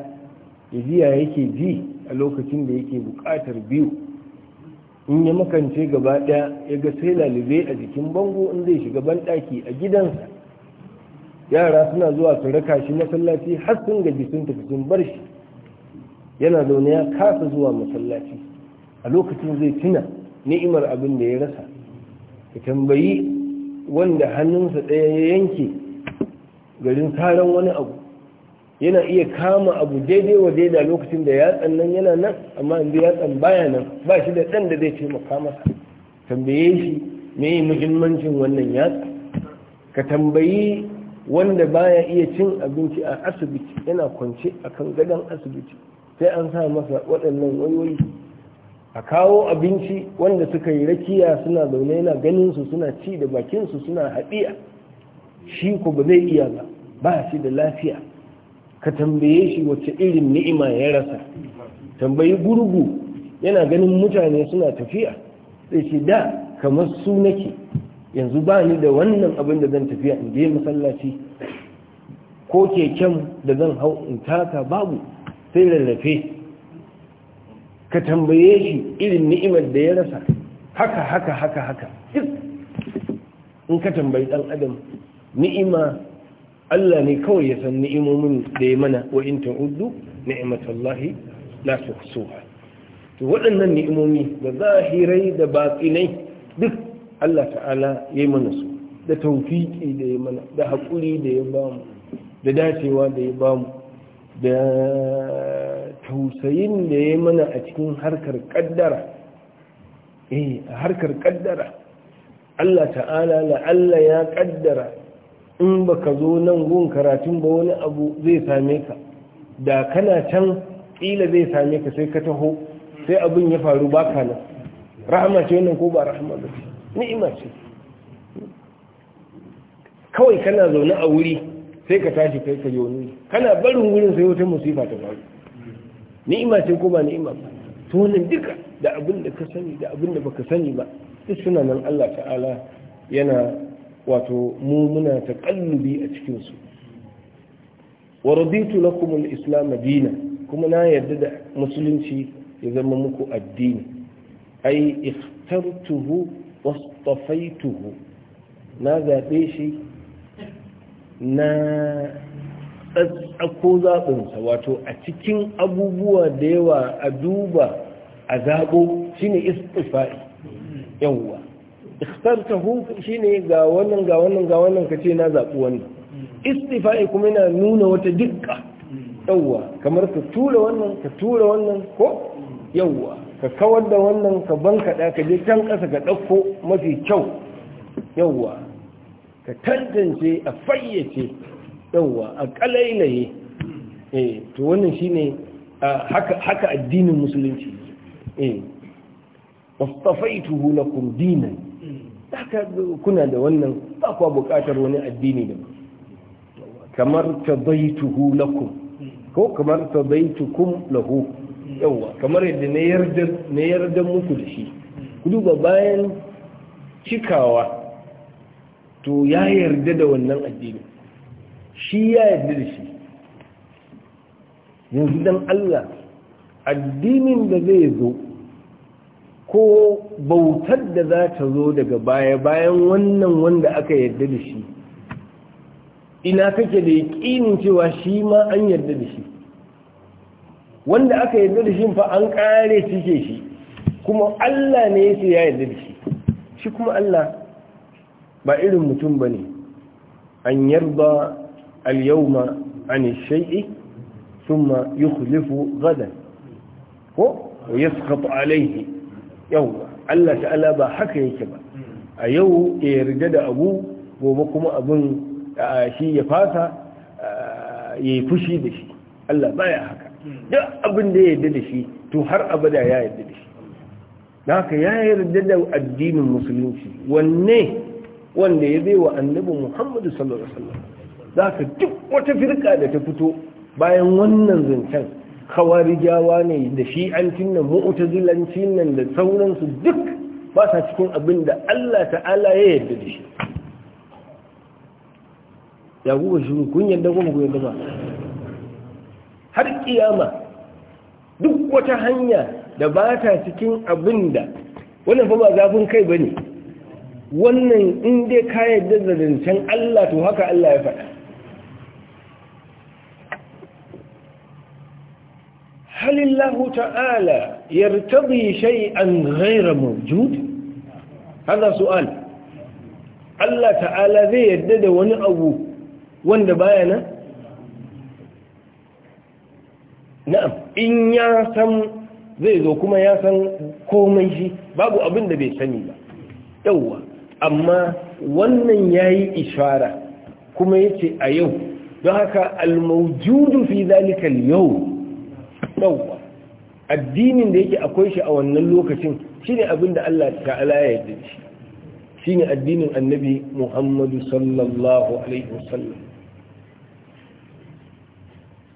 ya jiya ya yake ji a lokacin da yake buƙatar biyu in ya makance gaba ɗaya ya ga sai lalube a jikin bango in zai shiga banɗaki a gidansa yara suna zuwa su raka shi masallaci har sun gaji sun tafi sun bar shi yana zaune ya kasa zuwa masallaci a lokacin zai tuna ni'imar abin da ya rasa ka tambayi wanda hannunsa ɗaya ya yanke garin karan wani abu yana iya kama abu daidai wa a lokacin da yatsan nan yana nan amma inda yatsan baya nan ba shi da ɗan da zai taimaka masa tambaye shi me muhimmancin wannan yatsa ka tambayi wanda baya iya cin abinci a asibiti yana kwance akan gadon asibiti sai an sa masa waɗannan wayoyi a kawo abinci wanda suka yi rakiya suna zaune yana ganin su suna ci da bakinsu suna haɗiya shi ko ba zai iya ba ba shi da lafiya ka tambaye shi wacce irin ni'ima ya rasa tambayi gurgu yana ganin mutane suna tafiya sai shi da kamar su nake yanzu ba ni da wannan abin da zan tafiya in je masallaci ko keken da zan hau in taka babu sai lallafe ka tambaye shi irin ni'imar da ya rasa haka haka haka haka in ka tambayi dan adam ni'ima Allah ne kawai ya san ni'imomin da ya mana wa in ta'uddu ni'matallahi la tuhsuha to waɗannan ni'imomi da zahirai da batinai duk Allah ta'ala ya yi mana su da taufiki da ya mana da haƙuri da ya ba mu, da dacewa da ya ba mu, da tausayin da ya mana a cikin harkar kaddara eh a harkar kaddara Allah ta'ala la'alla ya kaddara in ba ka zo nan gun karatun ba wani abu zai same ka da kana can ƙila zai same ka sai ka taho sai abin ya faru baka nan rahama ce wannan ko ba rahama ba ni'ima ce kawai kana zaune a wuri sai ka tashi kai ka yi kana barin wurin sai wata musifa ta faru ni'ima ce ko ba ni'ima ba to wani duka da abin da ka sani da abin da baka sani ba duk suna nan Allah ta'ala yana wato mu muna kallubi a cikinsu su wa raditu lakum al-islam dina kuma na yarda da musulunci ya zama muku addini ai ikhtartuhu wastafaituhu na zaɓe shi na tsatsako zaɓinsa wato a cikin abubuwa da yawa a duba a zaɓo shi ne istifa'i yawwa ikhtartahu shi ne ga wannan ga wannan ga wannan ka ce na zaɓi wannan istifa'i kuma yana nuna wata dukka yawwa kamar ka tura wannan ka tura wannan ko yawwa ka kawar da wannan ka kaɗa ka je can ƙasa ka ɗauko mafi kyau yawwa ka tantance a fayyace yawwa a ƙalailaye eh to wannan shine haka haka addinin musulunci eh wastafaituhu lakum dinan haka kuna da wannan ba kwa buƙatar wani addini da kamar tadaituhu lakum ko kamar kun lahu yawwa kamar yadda na yarda muku da shi ku duba bayan cikawa to ya yarda da wannan addini shi ya yarda da shi yanzu dan Allah addinin da zai zo ko bautar da za ta zo daga baya bayan wannan wanda aka yarda da shi ina kake da yaƙinin cewa shi ma an yarda da shi wanda aka yarda da shi fa an kare cike shi kuma Allah ne yake ya yarda da shi shi kuma Allah ba irin mutum bane an yarda al-yawma an shay'i thumma yukhlifu gadan ko yasqatu alayhi yawma Allah ta'ala ba haka yake ba a yau ya yarda da abu gobe kuma abin shi ya fasa ya yi fushi da shi Allah baya haka duk abin da ya yarda da shi to har abada ya yarda da shi da haka ya yarda da addinin musulunci wanne wanda ya zai wa annabi muhammadu sallallahu alaihi za ka duk wata firka da ta fito bayan wannan zancen khawarijawa ne da shi'ancin nan mu'tazilancin nan da sauransu duk ba sa cikin abin da Allah ta'ala ya yarda da shi ya guba shi kun yarda kuma ku yarda ba har kiyama duk wata hanya da ba ta cikin abin da wannan fa ba zafin kai ba ne wannan inda dai ka yadda da zancen Allah to haka Allah ya faɗa halillahu ta'ala yartabi shay'an ghayra mawjud hada su'al Allah ta'ala zai yadda da wani abu wanda baya nan na'am in ya san zai zo kuma ya san komai shi babu abin da bai sani ba yauwa amma wannan yayi ishara kuma yace a yau don haka almaujudu fi zalika yau yauwa addinin da yake akwai shi a wannan lokacin shine abin da Allah ta'ala ya da shi shine addinin annabi Muhammadu sallallahu alaihi wasallam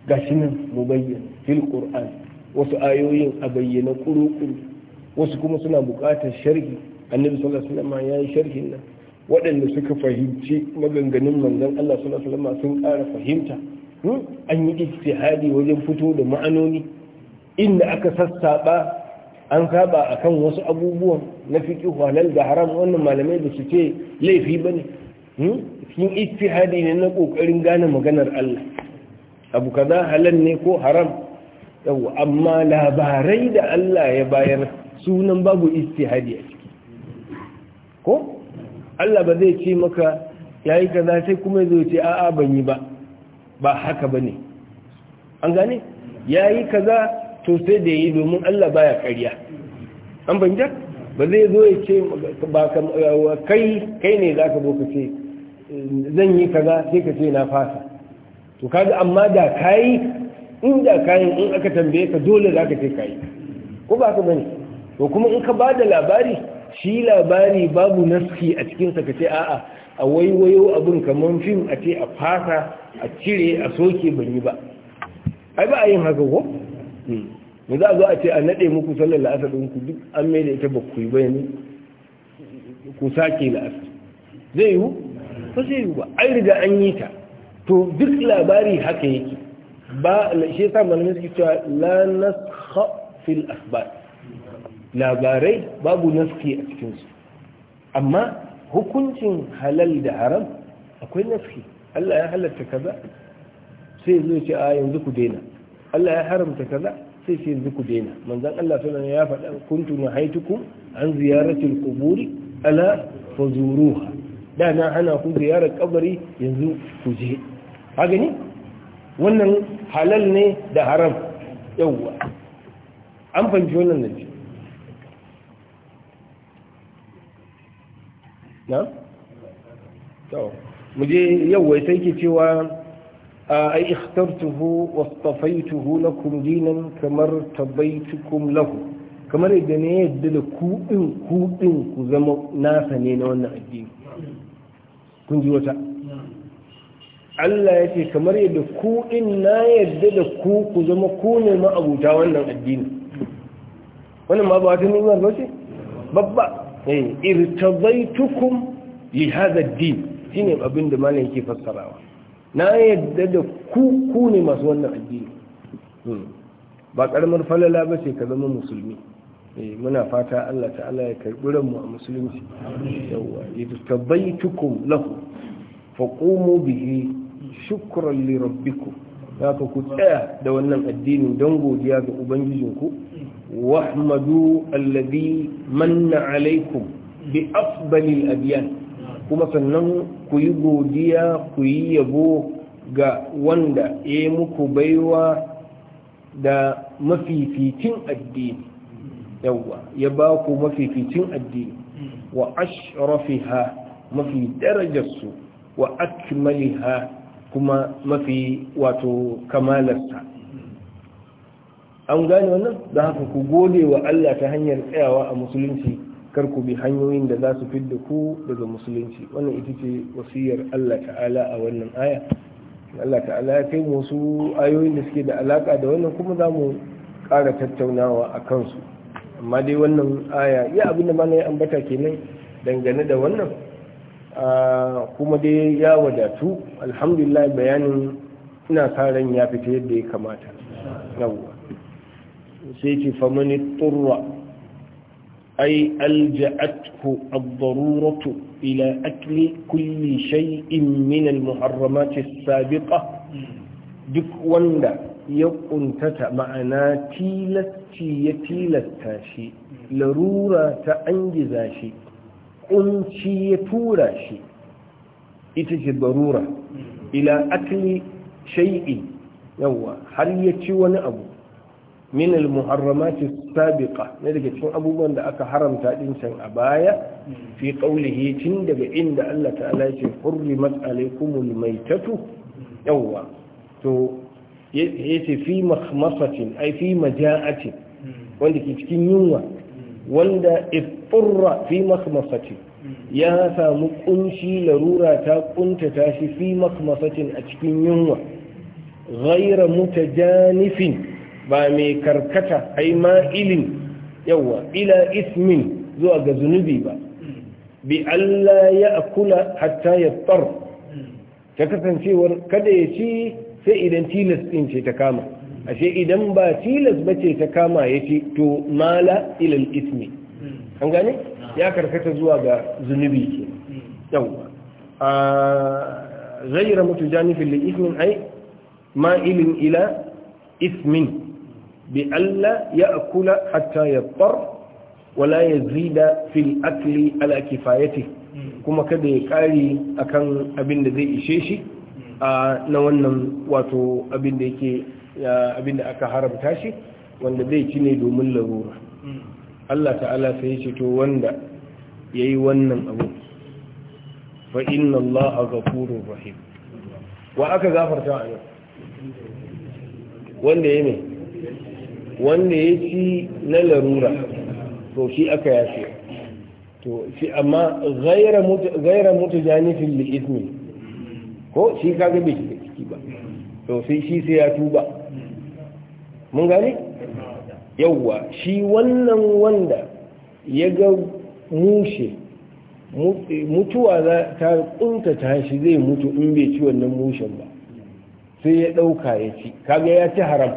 gashi nan fil qur'an wasu ayoyin a bayyana kuru wasu kuma suna buƙatar sharhi annabi sallallahu alaihi wasallam ya yi sharhin nan waɗanda suka fahimci maganganun manzon Allah sallallahu alaihi wasallam sun ƙara fahimta hmm? an yi ijtihadi wajen fito da ma'anoni inda aka sassaba an saba akan wasu abubuwan na fiqh halal da haram wannan malamai da su ce laifi bane hmm? sun ijtihadi ne na kokarin gane maganar Allah abu kaza halal ne ko haram yau amma labarai da Allah ya bayar sunan babu istihadi a ciki ko Allah ba zai ce maka yayi kaza sai kuma zai ce a'a ban yi ba ba haka bane an gane yayi kaza to sai da yi domin Allah baya kariya. an banja ba zai zo ya ce ba kai ne zaka zo ka ce zan yi kaza sai ka ce na fasa to kaga amma da kai inda kayan in aka tambaye ka dole za ka ce kayi ko ba ka bane to kuma in ka ba da labari shi labari babu naski a cikinsa ka ce a'a a waiwayo abin kamar fim a ce a fasa a cire a soke ban yi ba ai ba a yin haka ko mu hmm. za a zo a ce a nade muku sallar la'asar ku duk an mai da ita ba ku yi ba ne? ku sake la'asar zai yiwu ba zai yi ba Ai riga an yi ta to duk labari haka yake ba shi sa malamai suke cewa la naskha fil labarai babu naski a cikin su amma hukuncin halal da haram akwai naski Allah ya halatta kaza sai zo ce a yanzu ku daina Allah ya haramta kaza sai sai yanzu ku daina manzon Allah sallallahu alaihi ya faɗa kuntu nahaitukum an ziyaratil quburi ala fazuruha da na hana ku ziyarar kabari yanzu ku je ka gani wannan halal ne da haram yawwa an fanci wannan da ce na? je muje yawwa sai ke cewa ai ikhtartuhu wastafaituhu lakum dinan kamar tabaitukum lahu kamar yadda ne yadda da ku kuɗin kuɗin ku zama nasa ne na wannan addini kun ji wata Allah ya ce kamar yadda ku in na yadda da ku ku zama ku ne ma'abuta wannan addini wannan ma ba wata nuna ba ce babba eh irtadaitukum li hadha ad-din shine abin da malam yake fassarawa na yadda da ku ku ne masu wannan addini hmm. ba karamar falala ba ce ka zama musulmi eh, muna fata Allah ta'ala ya karbi ranmu a musulunci yawa irtadaitukum lahu faqumu bihi shukran li rabbikum ka ku tsaya da wannan addini don godiya ga ubangijinku wahmadu allabi manna alaikum bi afbalil adyan kuma sannan ku yi godiya ku yi yabo ga wanda ya muku baiwa da mafificin addini yawwa ya ba ku mafificin addini wa ashrafiha mafi darajarsu wa akmaliha kuma mafi wato kamalarsa an gane wannan da haka ku gode wa Allah ta hanyar tsayawa a musulunci kar ku bi hanyoyin da za su fidda ku daga musulunci wannan ita ce wasiyar Allah ta'ala a wannan aya Allah ta'ala ya kai wasu ayoyin da suke da alaka da wannan kuma za mu ƙara tattaunawa a kansu amma dai wannan aya ya abin da ma na ya ambata kenan dangane da wannan kuma dai ya wadatu alhamdulillah bayanin ina sa ran ya fita yadda ya kamata yawwa sai ce famani turra ai alja'athu ad ila akli kulli shay'in min al-muharramat sabiqa duk wanda ya kuntata ma'ana tilasti ya tilasta shi larura ta angiza shi kunci ya tura shi ita ce barura ila akli shay'i yawa har ya ci wani abu min al-muharramati sabiqa ne daga cikin abubuwan da aka haramta din can a baya fi qawlihi tun daga inda Allah ta'ala ya ce hurrimat alaykumul maytatu yawa to yace fi makhmasatin ai fi maja'atin wanda ke cikin yunwa wanda ifurra fi makmasati ya samu kunshi larura ta kunta shi fi makmasatin a cikin yunwa ghaira mutajanifin ba mai karkata ai ilin yawa ila ismin zuwa ga zunubi ba bi Allah ya akula hatta ya tsar ta kasancewar kada ya ci sai idan tilas ɗin ce ta kama ashe idan ba tilas ba ce ta kama ya ci to mala ilal ismi an gane ya karkata zuwa ga zunubi ke yawwa a zaira mutu janifin fili, ismin ai ilin ila ismin bi Allah ya akula hatta ya tsar wala ya zida fil akli ala kifayati kuma kada ya kari akan abin da zai ishe shi na wannan wato abin da yake ya abinda aka haramta shi wanda zai ci ne domin larura Allah ta'ala sai ya ce to wanda yayi wannan abu fa inna Allah ghafurur rahim wa aka gafarta a yau wanda ya ne wanda ya ci na larura to shi aka yafe to shi amma gaira mutu janifin da ismi ko shi kaga bai shiga ciki ba to sai shi sai ya tuba mun gane yawwa shi wannan wanda ya ga mushe mutuwa ta ta shi zai mutu in bai ci wannan mushen ba sai ya ɗauka ya ci kaga ya ci haram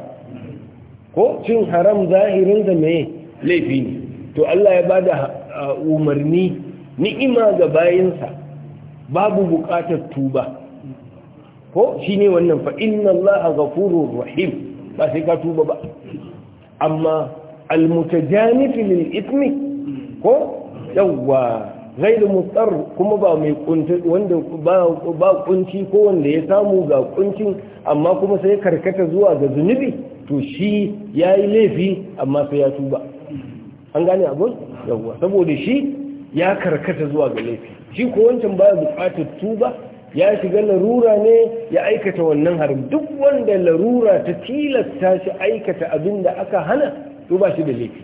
ko cin haram zahirin da mai laifi ne to Allah ya bada umarni ni'ima ga bayinsa babu buƙatar tuba ko shine wannan fa inna Allah ghafurur rahim ba sai ka tuba ba amma almutajanifi lil ismi ko yawwa ghairu mutsar kuma ba mai kunci wanda ba kunci ko wanda ya samu ga kuncin amma kuma sai karkata zuwa ga zunubi to shi yayi laifi amma sai ya tuba an gane abun yawwa saboda shi ya karkata zuwa ga laifi shi ko wancan baya bukatar tuba ya shiga larura ne ya aikata wannan harin duk wanda larura ta tilasta shi aikata abin da aka hana to ba shi da laifi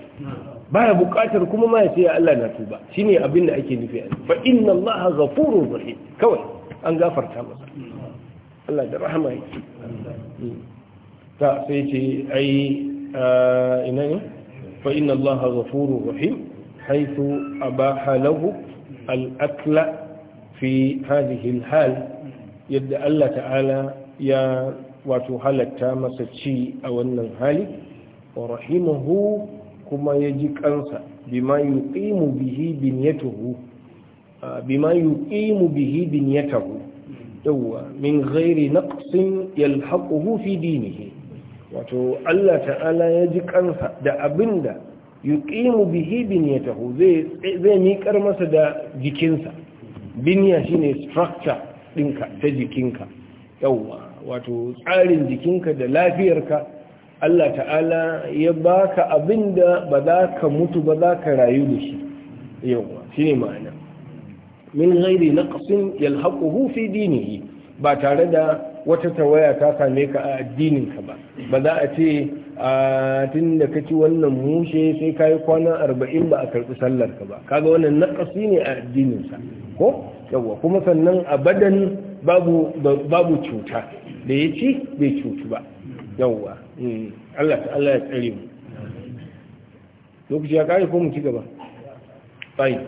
ya bukatar kuma ma ya ce ya Allah na tuba shine abin da ake nufi fa inna Allah ghafurur rahim kawai an gafarta masa Allah da rahama yake ta sai ce ai ina ne fa inna Allah ghafurur rahim haythu abaha lahu al-akla fi hadhihi hal yadda Allah ta'ala ya wato halatta masa ci a wannan hali wa rahimahu kuma ya ji kansa bima yuqimu bihi binyatuhu bima yuqimu min ghairi naqsin yalhaquhu fi dinihi wato Allah ta'ala ya ji kansa da abinda yuqimu bihi binyatuhu zai zai miƙar masa da jikinsa biniya shine structure dinka ta jikinka Yauwa wato tsarin jikinka da lafiyarka Allah ta'ala ya baka abinda ba za ka mutu ba za ka rayu da shi Yauwa shine ma'ana min ghairi naqsin yalhaquhu fi dinihi ba tare da wata tawaya ta same ka a addininka ba ba za a ce a tun da ka ci wannan mushe sai ka yi kwana arba'in ba a karɓi sallar ka ba kaga wannan naƙasi ne a addininsa ko yawwa. kuma sannan a babu babu cuta da ya ci bai cutu ba yawwa. Eh, Allah ta Allah ya tsare mu lokaci ya kare ko mu ci gaba bai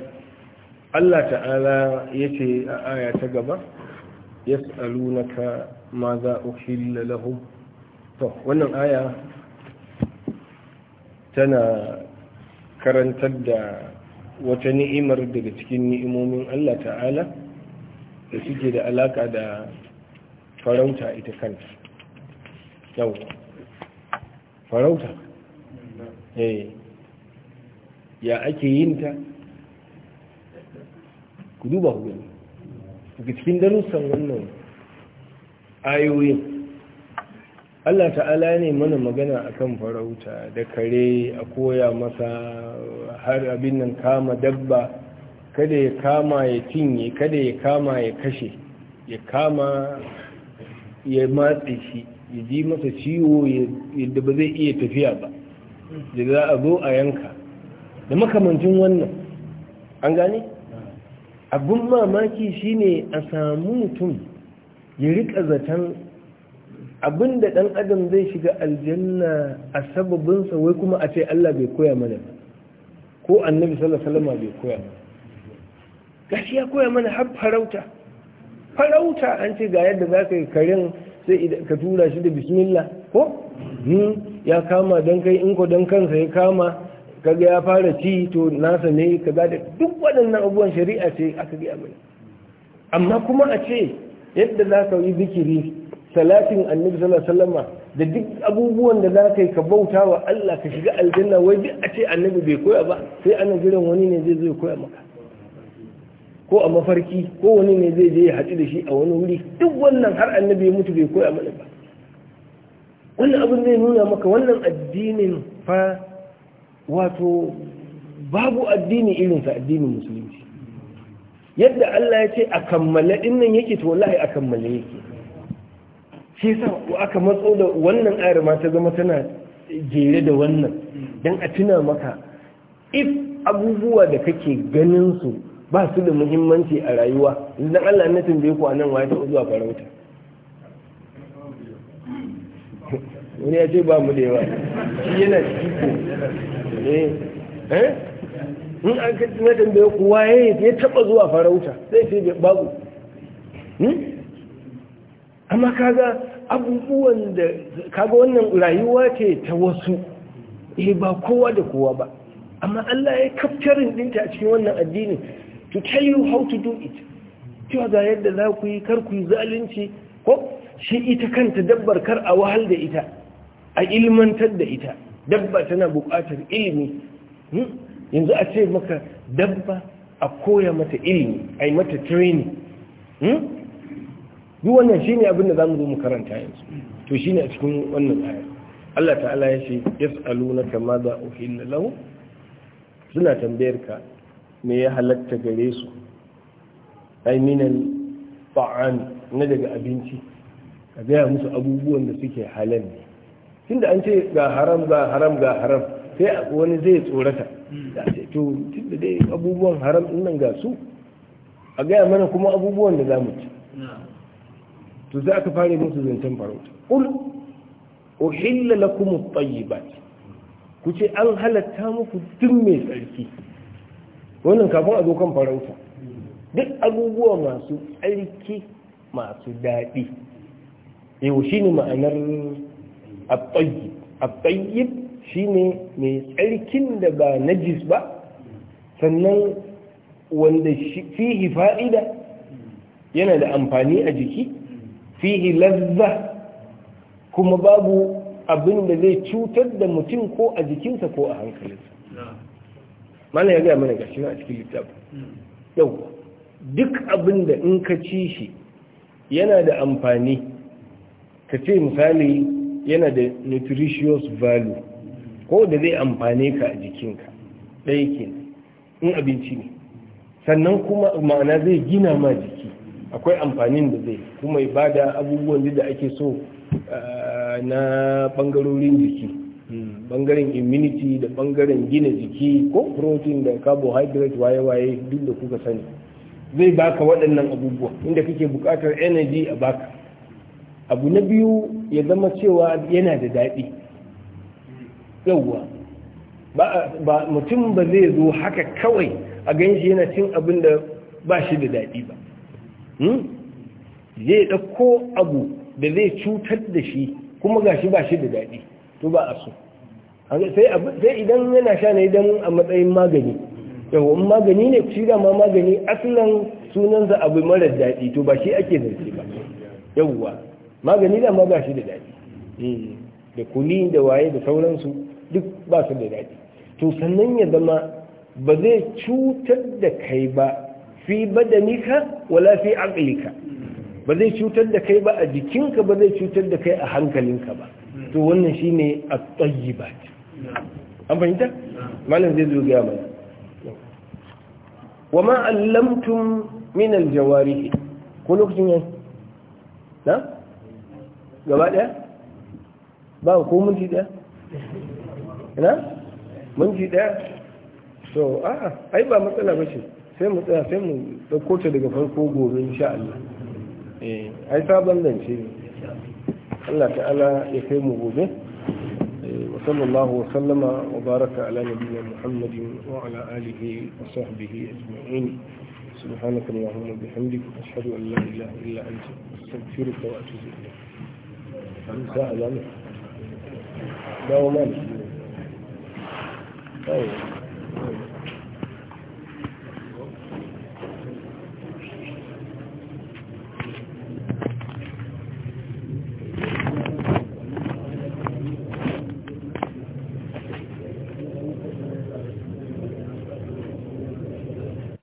Allah ta'ala ce a aya ta gaba yas'alunaka ma za uhilla lahum to wannan aya tana karantar da wata ni'imar daga cikin ni'imomin Allah ta'ala da suke da alaka da farauta ita kanta yau farauta eh, ya ake yin ta ku duba hudu daga cikin darussan wannan ayoyin Allah ta'ala ne mana magana a kan farauta da kare a koya masa har abin nan kama dabba kada ya kama ya cinye kada ya kama ya kashe ya kama ya matse shi ya ji masa ciwo yadda ba zai iya tafiya ba da za a zo a yanka da makamancin wannan an gane abin mamaki shine a samu mutum ya rika zaton abinda ɗan adam zai shiga aljanna a sababinsa wai kuma a ce Allah bai koya mana ba ko annabi sallallahu alaihi wasallam bai koya mana gashi ya koya mana har farauta farauta an ce ga yadda za ka yi karen sai ka tura shi da bismillah ko hmm, ya kama don kai in ko don kansa ya kama kaga ya fara ci to nasa ne kaza da duk waɗannan abubuwan shari'a ce aka gaya mana amma kuma a ce yadda za ka yi zikiri salatin annabi sallallahu alaihi wasallam da duk abubuwan da zaka yi ka bauta wa Allah ka shiga aljanna wai duk a ce annabi bai koya ba sai ana jiran wani ne zai zo ya koya maka ko a mafarki ko wani ne zai je ya haɗu da shi a wani wuri duk wannan har annabi ya mutu bai koya mana ba wannan abin zai nuna maka wannan addinin fa wato babu addini irinsa addinin musulunci yadda Allah ya ce a kammala dinnan yake to wallahi a kammala yake shi sa aka matso da wannan ayar ma ta zama tana jere da wannan don a tuna maka if abubuwa da kake ganin su ba su da muhimmanci a rayuwa idan Allah na tambaye ku anan waye ta zuwa farauta wani ya ce ba mu da yawa shi yana ciko eh, eh in an kace na tambaye ku waye ya taba zuwa farauta sai sai babu hmm amma kaga abubuwan da kaga wannan rayuwa ce ta wasu eh ba kowa da kowa ba amma Allah ya kaftarin dinta a cikin wannan addini to tell you how to do it cewa ga yadda za ku yi kar ku yi zalunci ko shi ita kanta dabbar kar a wahal da ita a ilmantar da ita dabba tana buƙatar ilimi hmm? yanzu a ce maka dabba a koya mata ilimi a mata training hmm? duk wannan shine abin da zamu zo mu karanta yanzu to shine a cikin wannan aya Allah ta'ala ya ce yas'alunaka ma za uhilla lahu suna tambayar ka me ya halatta gare su ai minan ta'an na daga abinci ka gaya musu abubuwan da suke halal ne tunda an ce ga haram ga haram ga haram sai wani zai tsorata da to tunda dai abubuwan haram din nan ga su a gaya mana kuma abubuwan da za mu ci to za ka fara musu zancen farauta ƙul uhilla lakum at-tayyibat ku ce an halatta muku duk mai tsarki wannan kafin a zo kan farauta duk abubuwa masu tsarki masu daɗi yau shi ne ma'anar at-tayyib at-tayyib shi ne mai tsarkin da ba najis ba sannan wanda fihi fa'ida yana da amfani a jiki fihi lazza kuma babu abin da zai cutar da mutum ko a jikinsa ko a hankalinsa mana ya gaya mana gashi a cikin littafi yau duk abin da in ka ci shi yana da amfani ka ce misali yana da nutritious value ko da zai amfane ka a jikinka ɗaya ke in abinci ne sannan kuma ma'ana zai gina ma jiki akwai amfanin da zai kuma ba da abubuwan da ake so eh, na bangarorin jiki bangaren immunity da bangaren gina jiki ko protein da carbohydrate waye-waye duk da kuka sani zai baka waɗannan abubuwa inda kake buƙatar energy a baka abu na biyu ya zama cewa yana da daɗi yauwa ba mutum ba zai zo haka kawai a ganshi yana cin abin da ba shi da daɗi ba Hmm? zai ɗauko abu da zai cutar da shi kuma ga shi ba shi da daɗi to ba a so sai idan yana sha na idan a matsayin magani yawon magani ne shi dama magani asalin sunansa abu marar daɗi to ba shi ake zance ba yawwa magani dama ba shi da daɗi eh, da kuli da waye da sauransu duk ba su da daɗi to sannan ya zama ba zai cutar da kai ba fi badanika wala fi aqlika ba zai cutar da kai ba a jikinka ba zai cutar da kai a hankalinka ba to wannan shine at-tayyibat an fahimta malam zai zo ga mana wa ma allamtum min al-jawarih ko lokacin yayi na gaba daya ba ko minti daya na minti daya so a'a ai ba matsala bace sai mu tsaya sai mu ɗauko ta daga farko gobe insha Allah eh ai sabon zance ne Allah ta'ala ya kai mu gobe wa sallallahu wa sallama wa baraka ala nabiyyi Muhammadin wa ala alihi wa sahbihi ajma'in سبحانك اللهم وبحمدك أشهد أن لا إله إلا أنت أستغفرك وأتوب إليك. ساعة لا ومال. أيوه.